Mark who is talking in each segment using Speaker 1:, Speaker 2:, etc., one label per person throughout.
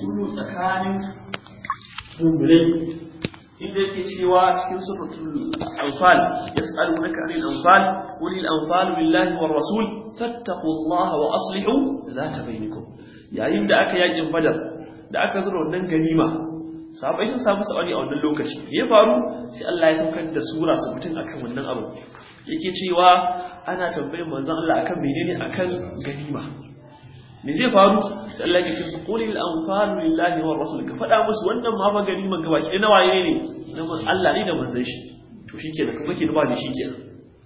Speaker 1: sulhu tsakanin mu'minai inda yake cewa cikin suratul anfal yas'alunaka anil anfal qul al anfal lillahi war rasul fattaqullaha wa aslihu zata bainakum yayin da aka yakin badar da aka zura wannan ganima sahabbai sun samu sa'ani a wannan lokaci me ya faru sai Allah ya saukar da sura su mutum akan wannan abu yake cewa ana tambayar manzon Allah akan menene akan ganima me zai faru sai Allah ya ce su qul lil anfalu lillahi wa rasul ka fada musu wannan ma magani man gaba ki na waye ne na mun Allah ne da manzon shi to shikenan kuma ke duba da shikenan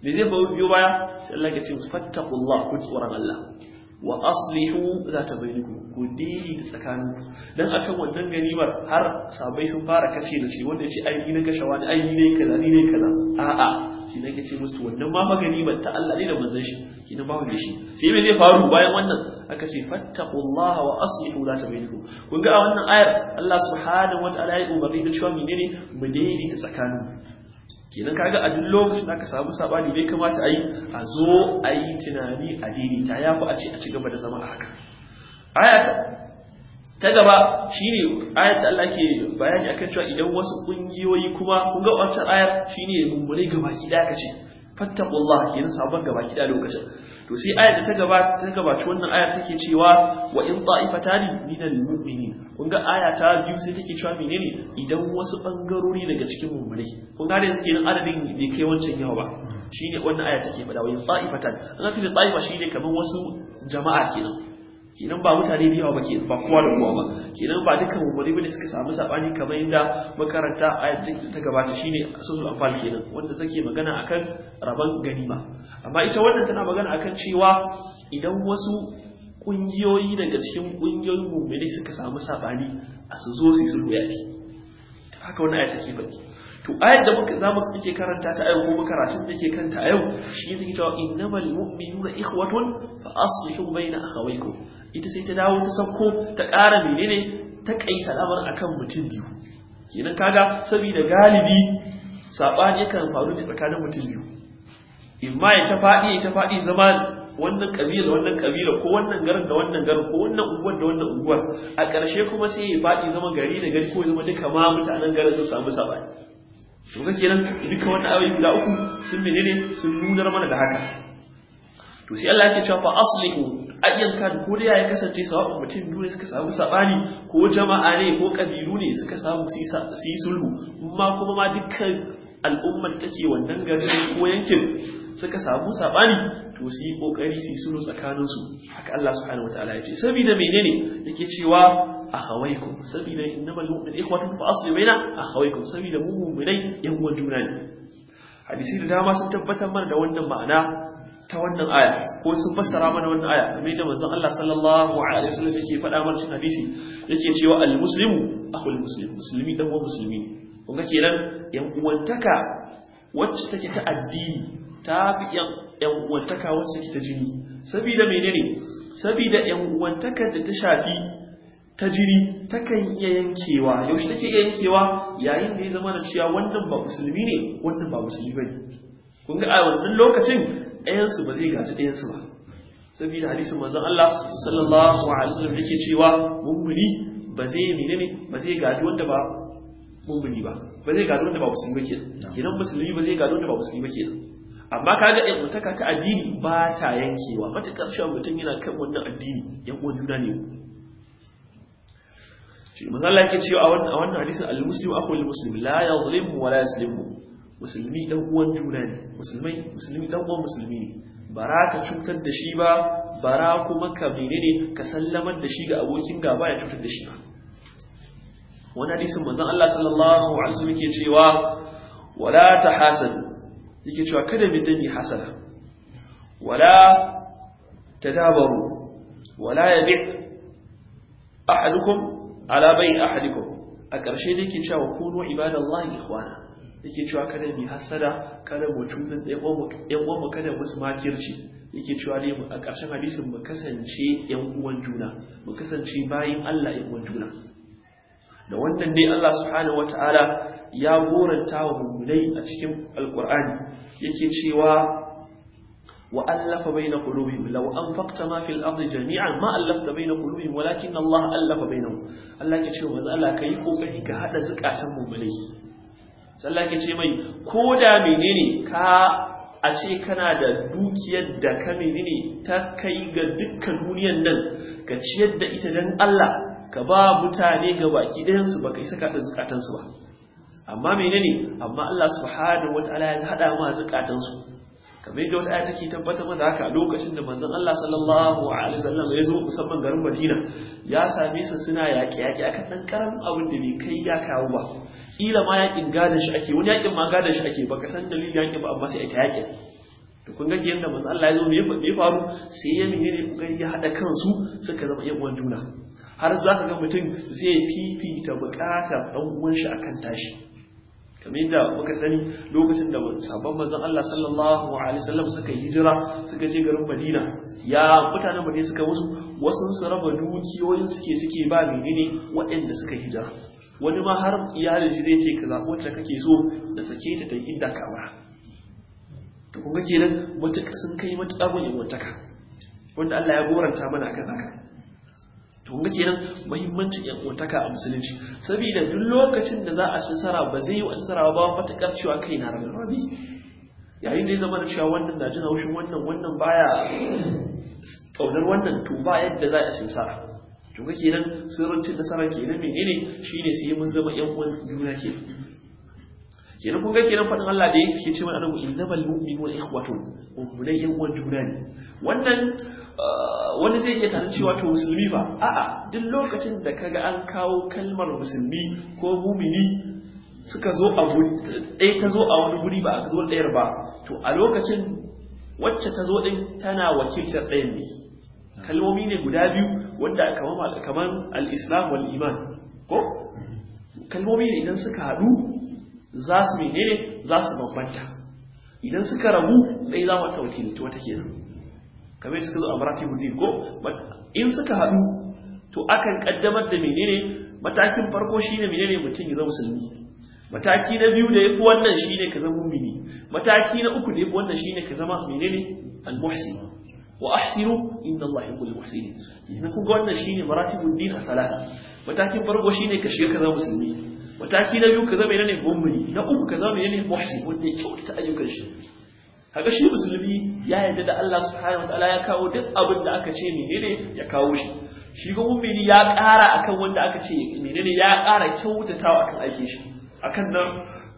Speaker 1: me zai biyo baya sai Allah ya ce fattaqullah ku tsoron Allah wa aslihu za ta bai ku da tsakanin dan akan wannan ganimar har sabai sun fara kashe da shi wanda ya ce ai na kashe wani ai ne kaza ni ne kaza a'a shi ne ce musu wannan ma maganimar ta Allah ne da manzon shi kina ba wanda shi sai me zai faru bayan wannan aka ce fattaqullaha wa aslihu za ta bai ku kun ga a wannan ayar Allah subhanahu wa ta'ala ya umarni da cewa menene mu da tsakanin kenan kaga a duk lokacin da aka samu sabani bai kamata a yi a zo a yi tunani a daidaita ya yafi a ce a ci gaba da zama a haka Ayata ta gaba shine ayata da Allah ke bayani akan cewa idan wasu kungiyoyi kuma kun ga wancan ayar shine mummune gaba ki da kace fattaqullah kenan sabon gaba ki lokacin to sai ayar da ta gabata ta gabaci wannan ayar take cewa wa in ta'ifatani al mu'minin kun ga aya ta biyu sai take cewa menene idan wasu bangarori daga cikin mu'minai kun ga da yake nan adadin bai kai wancan yawa ba shine wannan aya take faɗa wa in ta'ifatan an ka ce ta'ifa shine kamar wasu jama'a kenan kenan ba mutane da yawa ba ke ba kowa da kowa ba kenan ba dukkan umarni bane suka samu sabani kamar yadda makaranta a ta gabata shine asulul anfal kenan wanda zake magana akan rabon ganima amma ita wannan tana magana akan cewa idan wasu kungiyoyi daga cikin kungiyoyin mummuni suka samu sabani a su zo su sulhu haka wannan ke to ayat da muka zamu kike karanta ta ayo kuma karatun da ke kanta a yau shi take cewa innamal mu'minuna ikhwatun fa aslihu baina akhawaykum ita sai ta dawo ta sauko ta ƙara menene ta kaita lamar akan mutum biyu kenan kaga saboda galibi sabani yakan faru ne tsakanin mutum biyu ma ya ta faɗi ya ta faɗi zama wannan kabila wannan kabila ko wannan garin da wannan garin ko wannan unguwar da wannan unguwar a ƙarshe kuma sai ya faɗi zama gari da gari ko zama duka ma mutanen garin sun samu sabani to ga nan duka wannan abin guda uku sun menene sun nunar mana da haka to sai Allah yake cewa fa aslihu Ayyanka kan ko da ya kasance sawa'un mutum biyu ne suka samu sabani ko jama'a ne ko kabilu ne suka samu su yi sulhu amma kuma ma dukkan al'ummar take wannan garin ko yankin suka samu sabani to su yi kokari su yi sulhu tsakaninsu haka Allah subhanahu wataala ya ce saboda menene yake cewa a hawaikum saboda innamal mu'min ikhwatun fa asli baina akhawaykum saboda mu mu'minai yan uwan juna ne hadisi da dama sun tabbatar mana da wannan ma'ana ta wannan aya ko sun fassara mana wannan aya kamar da manzon Allah sallallahu alaihi wasallam yake faɗa mana cikin hadisi yake cewa al muslimu akhul muslim muslimi dan uwan musulmi ne kun ga kenan yan uwantaka wacce take ta addini ta fi yan yan uwantaka wacce take ta jini saboda menene saboda yan uwantaka da ta shafi ta jini takan iya yankewa yaushe take iya yankewa yayin da ya zama da cewa wannan ba musulmi ne wannan ba musulmi bane kun ga a wannan lokacin ɗayansu ba zai gaji ɗayansu ba saboda hadisin manzon Allah sallallahu alaihi wasallam yake cewa mummuni ba zai menene ba zai gaji wanda ba mummuni ba ba zai gaji wanda ba musulmi ke kenan musulmi ba zai gaji wanda ba musulmi ba kenan amma kaga ɗan mutaka ta addini ba ta yankewa matakar shan mutum yana kan wannan addini yan uwan juna ne shi manzon Allah yake cewa a wannan hadisin al-muslimu akhul muslim la yadhlimu wa la yaslimu musulmi dan uwan juna ne musulmai musulmi dan uwan musulmi ne bara ka cutar da shi ba bara kuma ka menene ka sallamar da shi ga abokin gaba ya cutar da shi ba wani hadisin manzon Allah sallallahu alaihi wasallam yake cewa wala tahasadu yake cewa kada mu dani hasala wala tadabaru wala yabi' ahadukum ala bai ahadikum a ƙarshe da yake cewa kunu ibadallahi ikhwana yake cewa kada mu hasada kada mu cutun yan uwan kada musu makirci yake cewa ne a ƙarshen hadisin mu kasance yan uwan juna mu kasance bayin Allah yan uwan juna da wannan ne Allah subhanahu wataala ya goranta wa mummunai a cikin alqur'ani yake cewa وألف بين قلوبهم لو أنفقت ما في الأرض جميعا ما ألفت بين قلوبهم ولكن الله ألف بينهم الله يشوف هذا kai كيف كهك هذا زكاة mummunai? sallah ce mai ko da menene ka a ce kana da dukiyar da ka menene ta kai ga dukkan duniyan nan ka ciyar da ita don Allah ka ba mutane ga baki ɗayansu ba ka isa kaɗa zukatansu ba amma menene amma Allah subhanahu Ta'ala ya haɗa ma zukatansu kamar yadda wata aya take tabbata mana haka a lokacin da manzon Allah sallallahu alaihi wasallam ya zo musamman garin Madina ya same su suna yaƙi yaƙi akan ɗan karamin abin da bai kai ya kawo ba kila ma yakin gadon shi ake wani yakin ma gadon shi ake baka san dalilin yakin ba amma sai ake yakin to kun ga ke yanda manzo Allah ya zo me faru sai ya menene kokari ya hada kansu suka zama yan uwan juna har za ka ga mutum zai fifita bukatar dan uwan shi akan tashi kamar yadda muka sani lokacin da sabon manzon Allah sallallahu alaihi wasallam suka hijira suka je garin Madina ya mutanen Madina suka musu wasu su raba dukiyoyin suke suke ba menene waɗanda suka hijira wani ma har iyalin shi zai ce ka zaɓi wacce kake so da sake ta ta yi inda ka ba to kuma kenan matuƙa sun kai matuƙa gun yawantaka wanda Allah ya goranta mana a akan haka to kuma kenan muhimmancin yawantaka a musulunci saboda duk lokacin da za a sara ba zai yi wa sara ba matuƙar cewa kai na rabi, yayin da ya zama da cewa wannan na jin haushin wannan wannan baya ƙaunar wannan to ba yadda za a sara to ga kenan sirrin cin nasara kenan menene shine sai mun zama yan uwan juna ke kenan kun ga kenan fadin Allah da yake ce mana annabi innamal mu'minuna ikhwatu ummulai yan uwan juna ne wannan ah, wani zai iya tare cewa to musulmi fa a'a duk lokacin da kaga an kawo kalmar musulmi ko mumini suka zo a ɗaya ta zo a wani guri ba a zo ɗayar ba to a lokacin wacce ta zo ɗin tana wakiltar ɗayan ne kalmomi ne guda biyu wanda kamar al'islam wal'iman, ko kalmomi ne idan suka haɗu za su menene za su bambanta idan suka rabu sai za mu tawkilci wata kenan kamar suka zo a maratibu din ko in suka haɗu to akan kaddamar da menene matakin farko shine menene mutum ya zama musulmi mataki na biyu da yafi wannan shine ka zama mumini mataki na uku da yafi wannan shine ka zama menene al-muhsin wa ahsinu inna Allah yuhibbul muhsinin idan kun ga wannan shine maratibul dika salata matakin farko shine ka shirka za musulmi mataki na biyu ka zama ne mummuni na uku ka zama ne muhsin wanda ya kyautata ayyukan shi kaga shi musulmi ya yarda da Allah subhanahu wataala ya kawo duk abin da aka ce menene ya kawo shi shi ga mummuni ya ƙara akan wanda aka ce menene ya ƙara kyautatawa akan aikin shi akan nan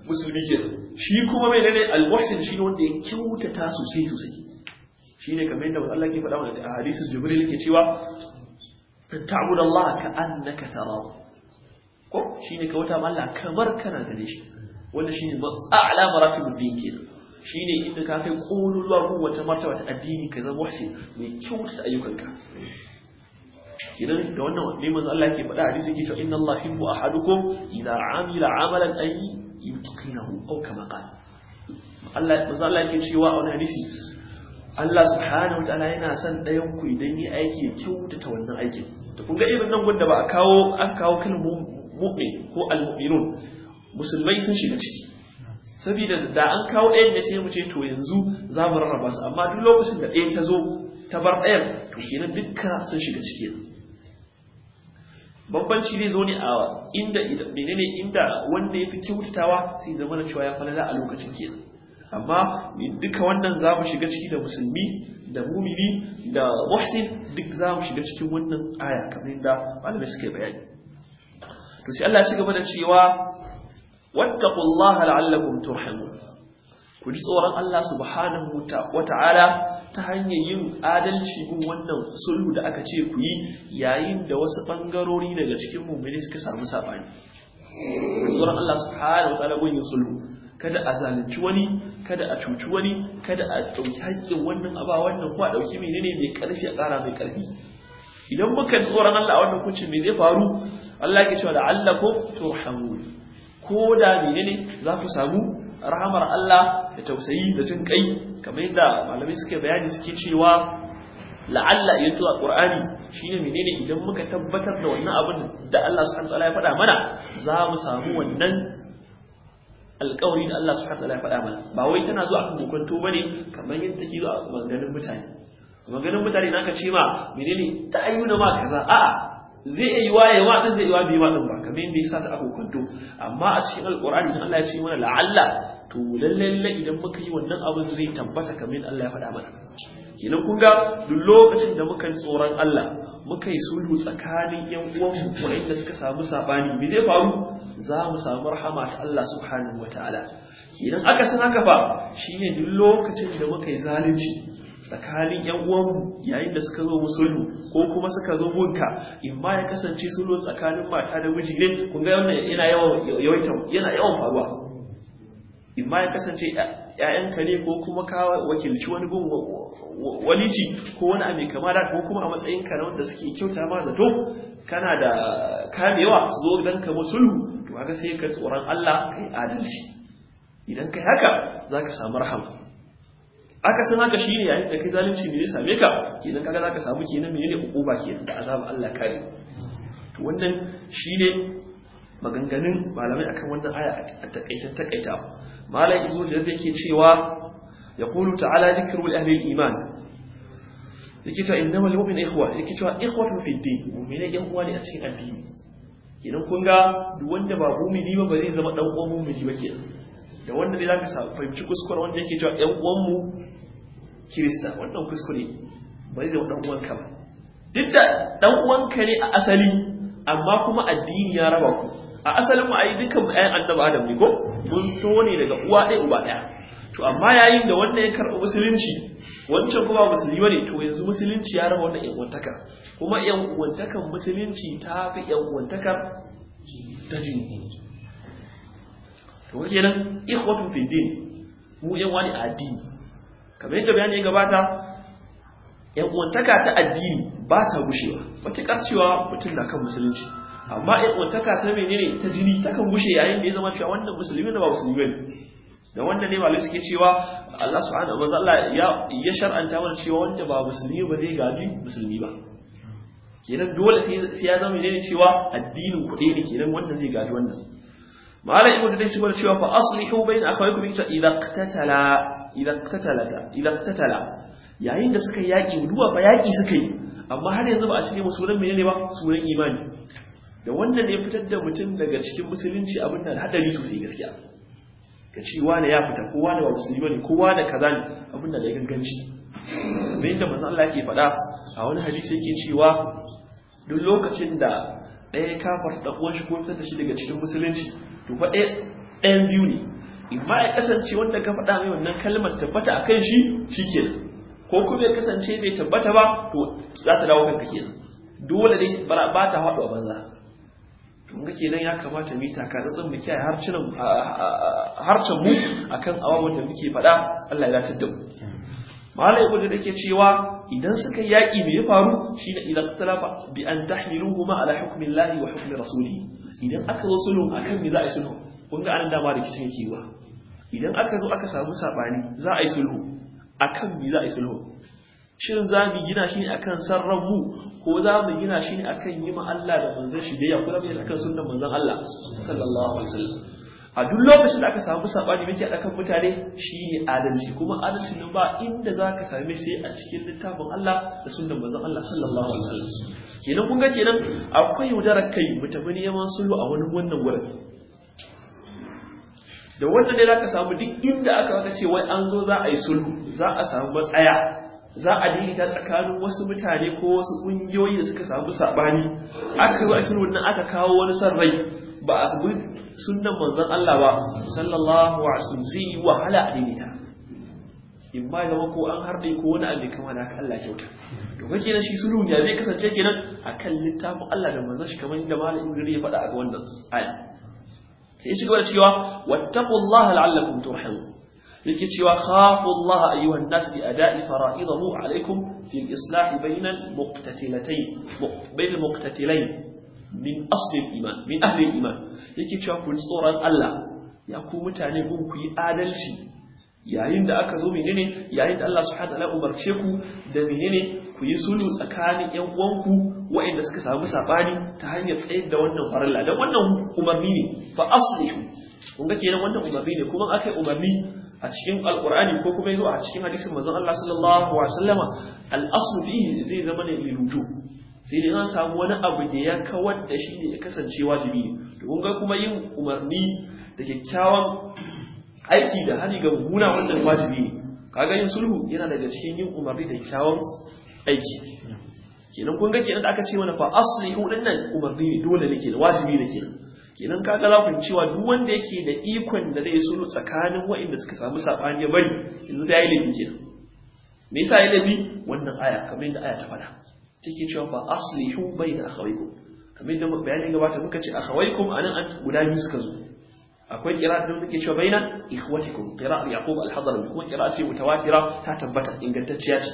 Speaker 1: musulmi ke shi kuma menene al-muhsin shi ne wanda ya kyautata sosai sosai shine kamar yadda Allah ke faɗa mana da hadisin Jibril yake cewa ta'budu Allah ka annaka tarahu ko shine ka wata Allah kamar kana gane shi wannan shine a'la maratibul din kenan shine inda ka kai kololuwa ko wata martaba ta addini ka zama wahsi mai kyautata ayyukanka kenan da wannan ne manzo Allah yake faɗa hadisi ke cewa inna Allah yuhibbu ahadukum idza amila amalan ay yutqinahu aw kama qala Allah manzo Allah yake cewa a wani hadisi Allah subhanahu yana son ɗayan ku idan yi aiki kyautata wannan aikin to kun ga irin nan gudda ba a kawo kan kawo kalmar mu'min ko al-mu'minun musulmai sun shiga ciki saboda da an kawo ɗayan ne sai mu ce to yanzu za mu rarraba su amma duk lokacin da ɗaya ta zo ta bar ɗayan to kenan dukka sun shiga ciki bambanci zai zo ne a inda menene inda wanda ya fi kyautatawa sai zama da cewa ya falala a lokacin kenan amma duka wannan za mu shiga ciki da musulmi da mumini da muhsin duk za mu shiga cikin wannan aya kamar da malamai suka yi bayani to sai Allah ya ci gaba da cewa wattaqullaha la'allakum turhamun ku ji tsoron Allah subhanahu wa ta'ala ta hanyar yin adalci gun wannan sulhu da aka ce ku yi yayin da wasu bangarori daga cikin mummuni suka samu sabani tsoron Allah subhanahu wa ta'ala gun sulhu kada a zalunci wani kada a cuci wani kada a ɗauki haƙƙin wannan aba wannan ko a ɗauki menene mai ƙarfi a ƙara mai ƙarfi idan muka ji tsoron Allah a wannan kuncin me zai faru Allah ke cewa la'allakum turhamun ko da menene za ku samu rahamar Allah da tausayi da jin kai kamar yadda malamai suke bayani suke cewa la'alla ya zuwa qur'ani shine menene idan muka tabbatar da wannan abin da Allah subhanahu ya faɗa mana za mu samu wannan alƙawari da Allah subhanahu wataala ya faɗa mana ba wai tana zuwa akan ba ne kamar yadda take zuwa a maganganun mutane maganganun mutane na ka ce ma menene ta ayyuna ma kaza a'a zai yi waye ma din zai yi wa ma ba kamar yin ya ta a hukunto amma a cikin alƙur'ani Allah ya ce mana la'alla to lalle idan muka yi wannan abin zai tabbata kamar Allah ya faɗa mana kenan kun ga duk lokacin da muka tsoron Allah muka yi sulhu tsakanin yan uwanmu da suka samu sabani me zai faru za mu samu rahama ta Allah subhanahu wataala Idan aka san haka shi shine duk lokacin da muka yi zalunci tsakanin yan uwanmu yayin da suka zo mu sulhu ko kuma suka zo munka in ma ya kasance sulhu tsakanin mata da miji ne kun ga wannan yana yawan yana yawan faruwa in ma ya kasance Ya'yanka ne ko kuma ka wakilci wani gun walici ko wani abu kama da ko kuma a matsayin ka na wanda suke kyauta ma zato kana da kamewa su zo dan ka musulu to haka sai ka tsoron Allah kai adalci idan kai haka za ka samu rahama aka san haka shi ne yayin da kai zalunci ne ya same ka kenan kaga ka samu kenan menene ukuba kenan da azabu Allah kare to wannan shi ne maganganun malamai akan wannan aya a takaitan takaita malam ibnu da yake cewa ya yaqulu ta'ala dhikru li ahli al-iman yake cewa innamal mu'minu ikhwa yake cewa ikhwatu fi din mu'mina yan uwa ne a cikin addini kenan kun ga duk wanda ba mu'mini ba ba zama dan uwan mu'mini ba kenan da wanda ne zaka fahimci kuskure wanda yake cewa yan uwan mu kirista wannan kuskure ba zama dan uwan ka ba duk da dan uwan ka ne a asali amma kuma addini ya raba ku a asalin mu ayi dukkan mu annabi adam ne ko mun tone daga uwa ɗaya uba ɗaya to amma yayin da wannan ya karɓi musulunci wancan kuma musulmi bane to yanzu musulunci ya raba wannan 'yan uwantakar kuma 'yan uwantakar musulunci ta fi 'yan uwantakar ta jini to nan ikhwatu fi din mu 'yan wani addini kamar yadda bayani ya gabata 'yan uwantaka ta addini ba ta gushewa matuƙar cewa mutum na kan musulunci amma ƴan'uwantaka ta menene ta jini takan gushe yayin da ya zama cewa wannan musulmi da ba musulmi ne. da wannan ne malai suke cewa Allah subhanahu wa ta'ala ya ya shar'anta mana cewa wanda ba musulmi ba zai gaji musulmi ba kenan dole sai ya zama menene cewa addinin kuɗe ne kenan wanda zai gaji wannan malai ibnu dai shi cewa fa aslihu bain akhawaykum idza qatala idza qatalata idza qatala yayin da suka yaki duba fa yaki suka yi amma har yanzu ba a cikin musulmi ne ba sunan imani da wannan ne fitar da mutum daga cikin musulunci abin da hadari sosai gaskiya ka ce wane ya fita kowa da ba musulmi bane kowa da kaza ne abin da ya ganganci bayan da manzon Allah yake faɗa a wani hadisi yake cewa duk lokacin da ɗaya kafar da uwan shi ko fitar da shi daga cikin musulunci to fa ɗayan biyu ne imma ya kasance wanda ka faɗa mai wannan kalmar tabbata a kan shi shikenan ko kuma ya kasance bai tabbata ba to za ta dawo kanka kenan dole ne ba ta faɗo a banza mun ke nan ya kamata mita ka takatsantsan mu kiyaye harcinan harcin mu akan awamun da muke faɗa Allah ya latar da mu malai ibnu da ke cewa idan suka yaƙi me ya faru shine idan talafa bi an tahmiluhuma ala hukmin lahi wa hukmi rasuli idan aka zo sulhu akan me za a yi sulhu kun ga anan dama da kishin kiwa idan aka zo aka samu sabani za a yi sulhu akan me za a yi sulhu shin za mu gina shi ne akan sarrafu? ko za mu gina shi ne akan yi ma Allah da manzon shi biyayya ko za mu yi akan sunan manzon Allah sallallahu alaihi wasallam a duk lokacin da aka samu sabani muke a kan mutane shi ne adalci kuma adalci nan ba inda za ka same shi a cikin littafin Allah da sunan manzon Allah sallallahu alaihi wasallam kenan kun ga kenan akwai yaudarar kai mu tafi neman sulhu a wani wannan wurin da wannan ne ka samu duk inda aka ce wai an zo za a yi sulhu za a samu matsaya za a daidaita tsakanin wasu mutane ko wasu ƙungiyoyi da suka samu saɓani aka yi asirin wannan aka kawo wani son rai ba a bi sunan manzon Allah ba sallallahu alaihi wasallam zai yi wahala a daidaita in ma zama ko an harɗe ko wani abu kama da Allah kyauta to kake na shi sulhu ya zai kasance kenan kan littafin Allah da manzon shi kamar da Malam gari ya faɗa a ga wannan aya sai ya ci gaba da cewa wattaqullaha la'allakum turhamun yake cewa khafu Allah ayyuhan nas bi ada'i fara'idahu alaikum fil islah bainal muqtatilatayn bainal muqtatilayn min asl iman min ahli iman yake cewa ku tsoron Allah ya ku mutane gun ku yi adalci yayin da aka zo menene yayin da Allah subhanahu wataala umarce ku da menene ku yi sulhu tsakanin ƴan uwanku waɗanda suka samu sabani ta hanyar tsayar da wannan farilla dan wannan umarni ne fa aslihu kun ga kenan wannan umarni ne kuma akai umarni a cikin alkur'ani ko kuma yazo a cikin hadisin manzon Allah sallallahu alaihi wasallama al-aslu fihi zai zama ne lil sai dai an samu wani abu da ya kawar da shi ne ya kasance wajibi to kun ga kuma yin umarni da kyakkyawan aiki da hali ga mummuna wannan wajibi ne kaga yin sulhu yana daga cikin yin umarni da kyakkyawan aiki kenan kun ga kenan da aka ce mana fa aslihu dinnan umarni ne dole ne kenan wajibi ne kenan kenan kaga za ku cewa duk wanda yake da ikon da zai sulhu tsakanin waɗanda suka samu sabani ya bari yanzu da ilimi kenan me yasa ilimi wannan aya kamar yadda aya ta faɗa take cewa fa aslihu bayna akhawaykum kamar yadda bayanin gabata muka ce akhawaykum anan an guda biyu suka zo akwai qira'a da muke cewa bayna ikhwatikum qira'a yaqub al-hadrami kuma qira'a ce mutawatira ta tabbata ingantacciya ce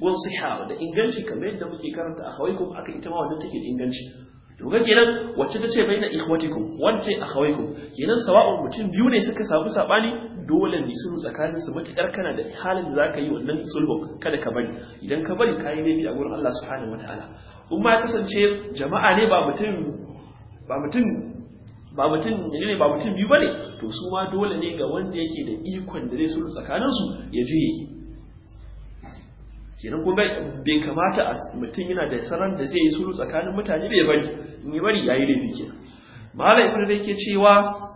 Speaker 1: gun siha da inganci kamar yadda muke karanta akhawaykum aka ita ma wannan take da inganci to ga kenan wacce ta ce bai baina ikhwatikum wance akhawaikum kenan sawa'u mutum biyu ne suka samu sabani dole ne su tsakanin su matakar kana da halin da zaka yi wannan sulhu kada ka bari idan ka bari kai ne a gurin Allah subhanahu wataala kuma ya kasance jama'a ne ba mutum ba mutum ba mutum ne ba mutum biyu bane to su ma dole ne ga wanda yake da ikon da zai sulhu tsakanin su ya je yake kenan kuma bai kamata mutum yana da sanar da zai yi sulhu tsakanin mutane bai bari in yi bari yayi laifi kenan malam ibnu yake cewa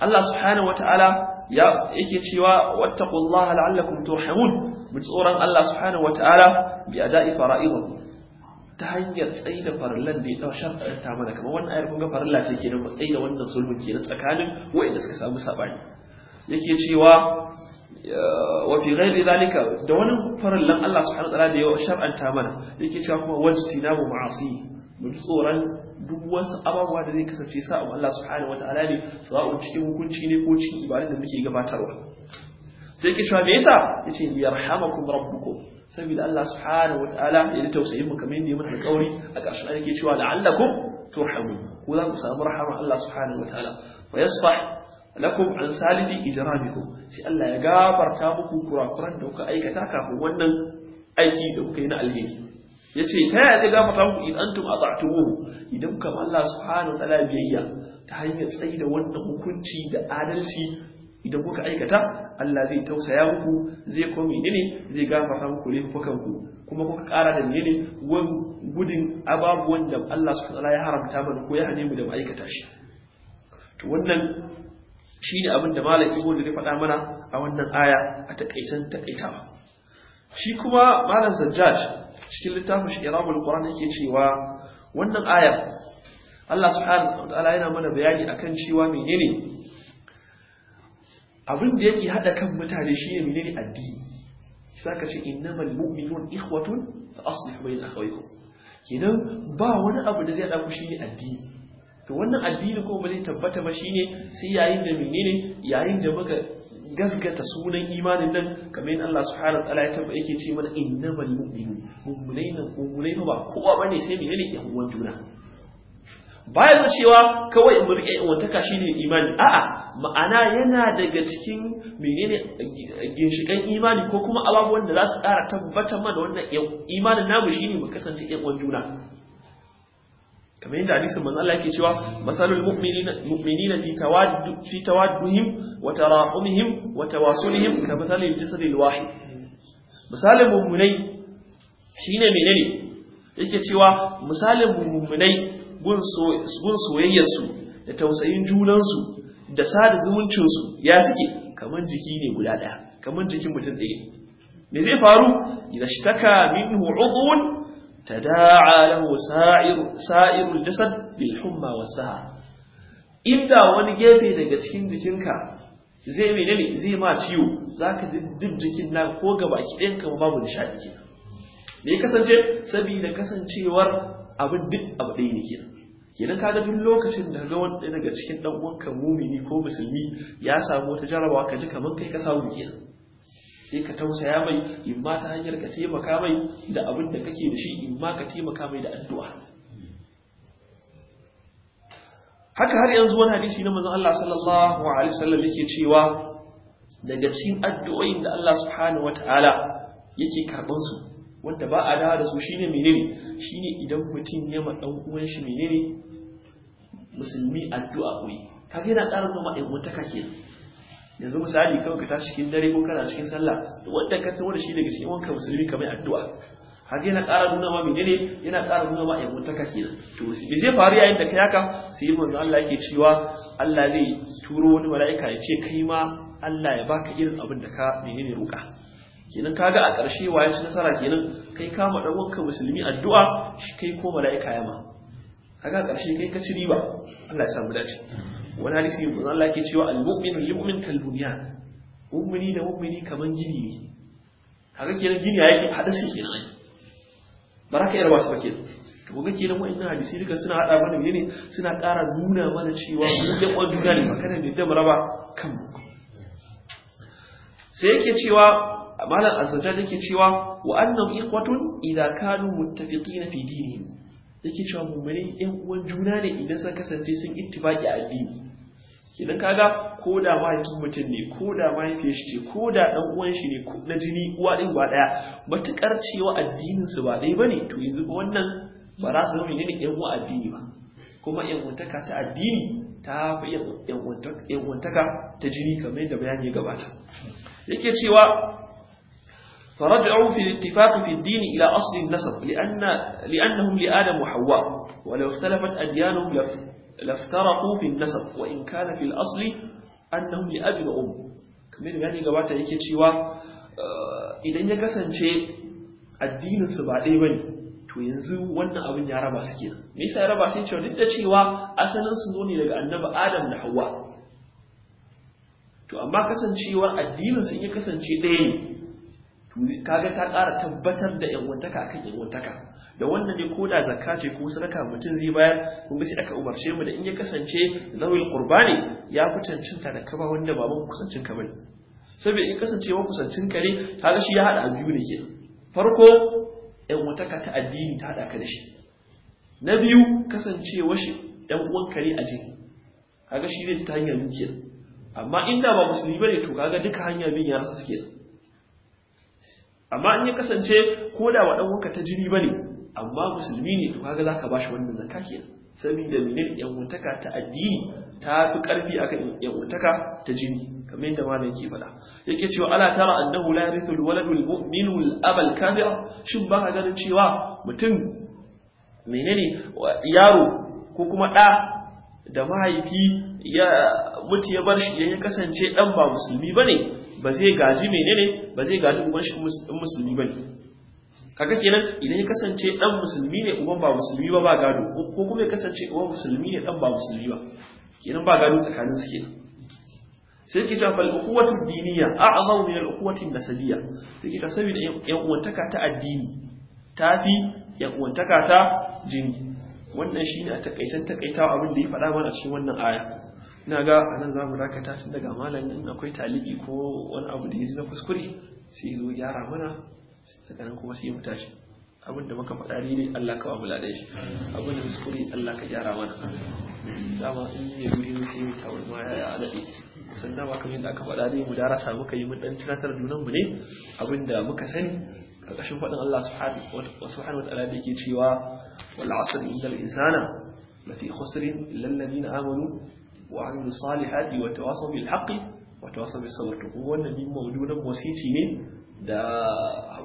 Speaker 1: Allah subhanahu wataala ya yake cewa wattaqullaha la'allakum turhamun mu tsoron Allah subhanahu wataala bi ada'i fara'idihi ta hanyar tsayi da farillan da ya dau shar'anta mana kamar wannan ayar kun ga farilla ce kenan ba tsayi da wannan sulhu kenan tsakanin wanda suka samu sabani yake cewa wafi ghairi zalika da wani farallan Allah subhanahu wa da ya shar'anta mana yake cewa kuma wajtinabu ma'asi mun tsoron duk wasu ababuwa da zai kasance sa abu Allah wata wataala ne sawa'u cikin hukunci ne ko cikin ibada da muke gabatarwa sai ke cewa me yasa yace yarhamakum rabbukum saboda Allah subhanahu wataala ya da tausayin mu kamar yadda ya mana alƙawari a ƙarshen ayat yake cewa la'allakum turhamun ko za ku samu rahama Allah subhanahu wataala fa yasbah lakum an saliji ijramikum sai Allah ya gafarta muku kurakuran da kuka aikata kafin wannan aiki da kuka yi na alheri yace ta yaya zai gafarta muku idan antum ata'tumu idan kam Allah subhanahu wa ta'ala biyayya ta hanyar tsayi da wannan hukunci da adalci idan kuka aikata Allah zai tausaya muku zai ko ne zai gafarta muku laifukan ku kuma kuka ƙara da menene gudun ababuwan da Allah subhanahu wa ta'ala ya haramta mana ko ya hane mu da mu aikata shi to wannan shi ne abin da malam da ya faɗa mana a wannan aya a taƙaitan takaitawa shi kuma malam sajjaj cikin littafin shi irabul qur'an yake cewa wannan aya. Allah subhanahu wataala yana mana bayani akan cewa menene abin da yake hada kan mutane ne menene addini saka ce innamal mu'minun ikhwatun fa aslihu bayna akhawaykum kenan ba wani abu da zai hada ku shine addini to wannan addini ko ba zai tabbata ba shine sai yayin da menene yayin da muka gasgata sunan imanin nan kamar yadda Allah subhanahu wataala ya tabbata yake ce mana innamal mu'minu mu'minai ko mu'minai ba kowa bane sai menene yan uwan juna baya da cewa kawai murƙe wataka shine imani a'a ma'ana yana daga cikin menene ginshikan imani ko kuma ababuwan da za su ƙara tabbatar mana wannan imanin namu shine mu kasance yan uwan juna kamar yadda hadisin manzo Allah yake cewa masalul mu'minina mu'minina fi tawaddu fi tawadduhum wa tarahumihim wa tawasulihim ka masalil jasadil wahid misalin mu'minai shine menene yake cewa misalin mu'minai gun soyayyar su da tausayin junan su da sada zumuncin su ya suke kamar jiki ne guda daya kamar jikin mutum ɗaya ne me zai faru idan taka minhu udhun tada'a lahu sa'iru sa'irul jasad bil humma was inda wani gefe daga cikin jikinka zai menene zai ma ciwo zaka ji duk jikin nan ko gaba ki ɗin ka babu nishadi kenan me ya kasance saboda kasancewar abin duk abu ɗaya ne kenan kenan kaga duk lokacin da ga wani daga cikin dan uwanka mumini ko musulmi ya samu wata jarrabawa, ka ji kamar kai ka samu kenan sai ka tausaya mai in ma ta hanyar ka taimaka mai da abin da kake da shi in ma ka taimaka mai da addu'a haka har yanzu wani hadisi na manzon Allah sallallahu alaihi wasallam yake cewa daga cikin addu'o'in da Allah subhanahu wataala yake karban su wanda ba a dawo da su shine menene shine idan mutum ya ma dan uwan shi menene musulmi addu'a kuri kaga yana ƙara nuna ma'aikata kenan yanzu misali kawai ka tashi cikin dare ko kana cikin sallah da wanda ka tsawo da shi daga cikin wanka musulmi ka addu'a har yana ƙara nuna ma menene yana ƙara nuna ma yan mutaka kenan to me zai faru yayin da kai haka sai manzo Allah yake cewa Allah zai turo wani mala'ika ya ce kai ma Allah ya baka irin abin da ka menene roƙa kenan kaga a ƙarshe wa ya ci nasara kenan kai kama ma wanka musulmi addu'a shi kai ko mala'ika yama kaga a ƙarshe kai ka ci riba Allah ya samu dace wani hadisi manzo Allah yake cewa al-mu'minu lil-mu'min kal-bunyan mu'mini da mu'mini kaman gini ne kaga kenan gini yake hada su kenan ai baraka yar wasu bake to kaga kenan wa'annan hadisi duka suna hada mana ne, suna ƙara nuna mana cewa mu da kwan duka ne makana da da raba kan mu sai yake cewa malam azzajar yake cewa wa annahum ikhwatun idza kanu muttafiqina fi dinihim yake cewa mummuni yan uwan juna ne idan sun kasance sun ittifaki a addini kenan kaga ko da mahaifin mutum ne ko da mahaifiyar shi ce ko da dan uwan shi ne na jini uwa din ba daya matukar cewa addinin su ba dai bane to yanzu ba wannan ba za su zama ne yan uwa addini ba kuma yan uwantaka ta addini ta fi yan uwantaka ta jini kamar yadda bayani ya gabata yake cewa فرجعوا في الاتفاق في الدين إلى أصل النسب لأن لأنهم لآدم وحواء ولو اختلفت أديانهم laftaraqu fi nasab wa in kana fi asli annahum li abi wa um kamar da gani gabata yake cewa eh, idan ya kasance addinin su ba ɗaya bane to yanzu wannan abin ya raba su kenan me yasa ya raba su cewa duk da cewa asalin su zo ne daga annabi Adam da Hawwa to amma kasancewar addinin sun ya kasance ɗaya ne kaga ta ƙara tabbatar da yawantaka akan yawantaka da wannan ne ko da zakka ce ko sadaka mutum zai bayar kun ga sai aka umarce mu da in ya kasance zawil qurbani ya kusancinta da kaba wanda ba mun kusancin ka bane saboda in kasance wa kusancin ka ne kaga shi ya hada biyu ne ke farko wutaka ta addini ta hada ka da shi na biyu kasancewa shi ɗan uwan kare a jini kaga shi ne ta hanyar ke amma inda ba musulmi bane to kaga duka hanyar bin ya rasa suke amma in ya kasance ko da wa dan ta jini ba ne, amma musulmi ne to kaga zaka bashi wannan zakka ke saboda menene yan wutaka ta addini ta fi karfi akan yan wutaka ta jini kamar yadda malam yake faɗa yake cewa ala tara annahu la yarithu alwaladu almu'minu al kadira shin ba ka ganin cewa mutum menene yaro ko kuma ɗa da mahaifi ya mutu ya bar shi idan ya kasance dan ba musulmi bane ba zai gaji menene ba zai gaji uban shi musulmi bane kaga kenan idan ya kasance dan musulmi ne uban ba musulmi ba ba gado ko kuma ya kasance uban musulmi ne dan ba musulmi ba kenan ba gado tsakanin su kenan sai ke cewa fal uquwatu diniya a'zamu min al uquwati nasabiyya sai ke ta saboda yan uwantaka ta addini tafi yan uwantaka ta jini wannan shine a takaitan takaitawa abin da ya faɗa mana cikin wannan aya ina ga a nan za mu dakata tun daga malamin akwai talibi ko wani abu da ya na kuskure sai zo gyara mana sakanin kuma sai mu tashi abin da muka faɗa ne Allah ka wa mu ladan shi abin da kuskure Allah ka gyara mana dama in yi wuri sai mu kawar ma ya alaɗe kusan dama kamar yadda aka faɗa ne mu sa muka yi mun ɗan tunatar junan mu ne abin da muka sani ƙarƙashin faɗin Allah subhanahu wa ta'ala da yake cewa wal asr innal insana lafi khusrin illal na amanu wa amilu salihati wa tawasaw bil haqqi wa tawasaw bis sabr to wannan din maududan wasiti ne da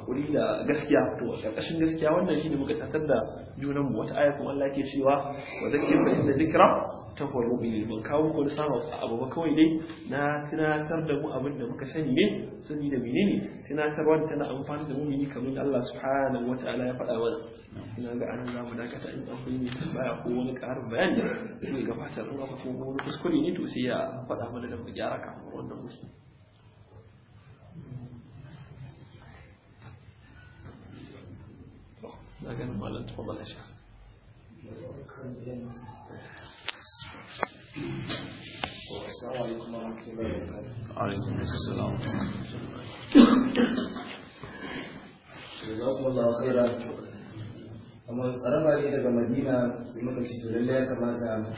Speaker 1: hakuri da gaskiya to karkashin gaskiya wannan shine muka tasar da junan mu wata ayatun Allah ke cewa wa zakir fa inda zikra tafawul mu'minin ban kawo ku samu abu ba kawai dai na tunatar da mu abin da muka sani ne sani da menene tunatarwa tana amfani da mu mu'mini kamar Allah subhanahu wataala ya faɗa mana ina ga anan za mu dakata in akwai ne tambaya ko wani ƙarin bayani sai gabatar in akwai ko wani kuskure ne to sai ya faɗa mana da mu gyara kafin wannan musu الأجانب ولا تفضل يا شيخ السلام عليكم ورحمة الله وبركاته وعليكم السلام ورحمة الله جزاكم الله خيرا amma tsaraba ne daga madina muka ci to lallai ya kamata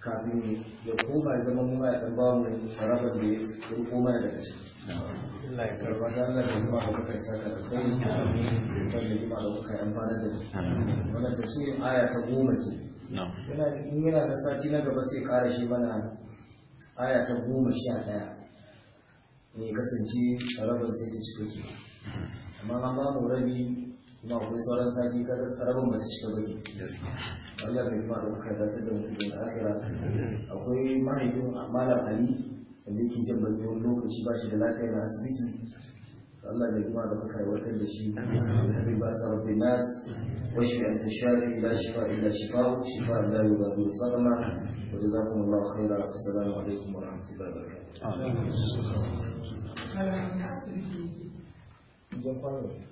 Speaker 1: kafin ya koma zama mu ya dan bawo mu tsaraba ne ya koma daga ciki Allah ya karba da yana da sati na gaba sai ƙara shi mana aya ta goma sha ɗaya ne kasance tsarabar sai ta cika ke amma an ba mu rabi kuma akwai sauran sati kada tsarabar mace cika baki Allah bai ma da kuka zata da mutum da akira akwai mahaifin malam Ali wanda yake jin bazai wani lokaci ba shi da lafiya na asibiti Allah da kuma da kai warkar da shi hadin ba sa rabbi nas wa shi anta shafi la shifa illa shifa shifa ba yubadu sadama wa jazakumullahu khaira assalamu alaikum wa rahmatullahi wa barakatuh